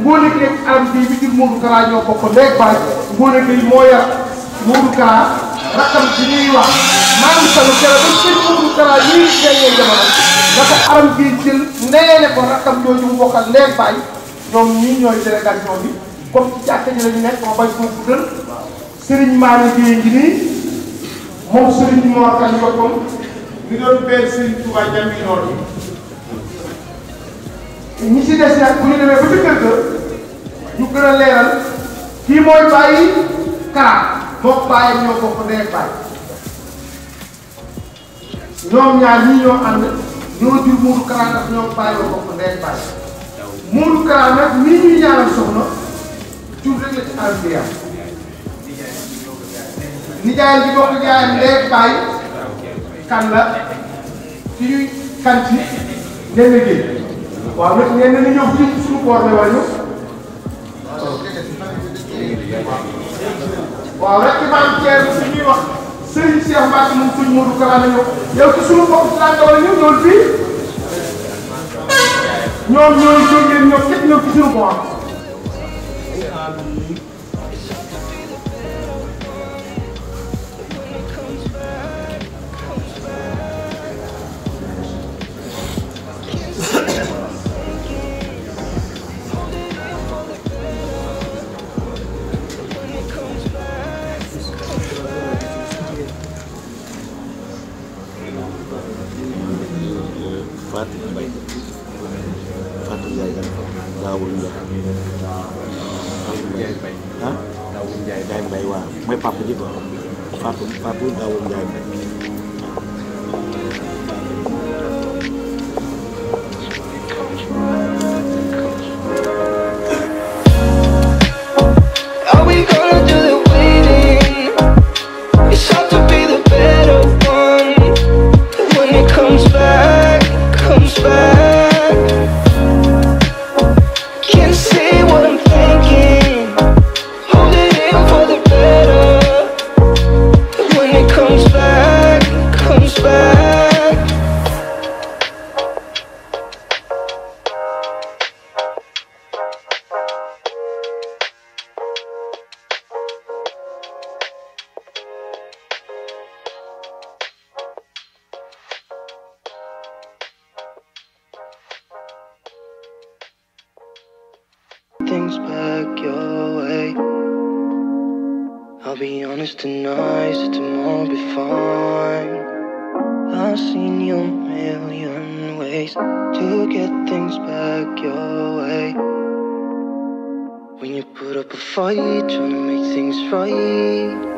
Ngoné Gueye ak aram bii bi jur Modou Kara ñoo bokk léegi baay Ngoné Gueye moo yar Modou Kara rakkam bi ñuy wax maam sanu kera ba sëñ Modou Kara ñuy gañee jamono dafa aram bii jël ndeele ko rakkam jooju ñoom ñii comme ci jàkka ji la ñu nekk ma bañ koo guddal Serigne Malick Gueye ngi nii moom Serigne Mor Kañ Bokom ñu doon benn Serigne Touba Jambi Noor ñi si des nag bu ñu demee ba ci kër ga ñu gën a leeral kii mooy bàyyi karaam moom bàyyi ñoo bokk ndey bàyyi ñoom ñaar ñii ñoo ànd ñoo jur Modou Kara nag ñoo bàyyi Modou Kara nag nii ñuy ñaanal soxna jur rek la ci àll bi yàlla nijaay bi bokk jaayam ndey bàyyi kan la ci ñuy kan ci ndey waaw nag nee na ñëw fii suñu koor ne waaye ñëw waaw rek imaam Thierno su ñuy wax Serigne Cheikh Mbacke moom suñu Modou Kara la ñëw yow ci suñu bopp laa nga war a ñëw ñëw fii ñoom ñoo jógee ñoom ñëpp ñëw ci Fatick Mbaye Fatick Ndiaye gan daawul Ndiaye ah Ndiaye Mbaye waaw mooy papa ji quoi Fatou Fatou daawul Ndiaye Mbaye things back your way. I'll be honest tonight, tomorrow tomorrow be fine. I've seen you a million ways to get things back your way. When you put up a fight, trying to make things right.